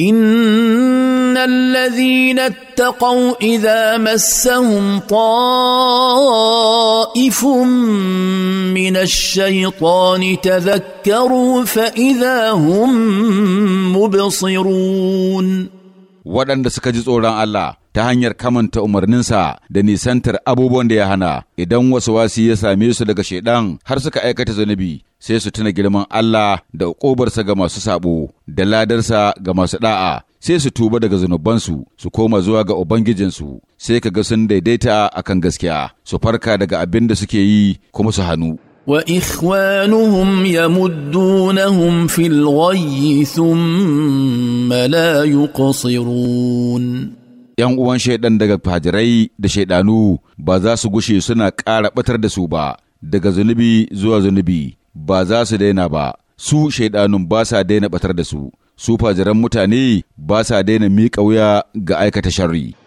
ان الذين اتقوا اذا مسهم طائف من الشيطان تذكروا فاذا هم مبصرون waɗanda suka ji الله ta hanyar kamanta umarninsa da nisantar abubuwan da ya hana idan wasu wasi ya same su daga shaidan har suka aikata zunubi sai su tuna girman Allah da ƙobarsa ga masu sabo da ladarsa ga masu da'a sai su tuba daga zunubansu su koma zuwa ga ubangijinsu sai ka ga sun daidaita akan gaskiya su farka daga abin da suke yi kuma su hannu واخوانهم يمدونهم في الغي ثم لا يقصرون ‘yan uwan shaidan daga fajirai da shaidanu ba za su gushe suna ƙara ɓatar da su ba, daga zunubi zuwa zunubi ba za su daina ba, su shaidanun ba sa daina ɓatar da su, su fajiran mutane ba sa daina miƙa wuya ga aikata sharri.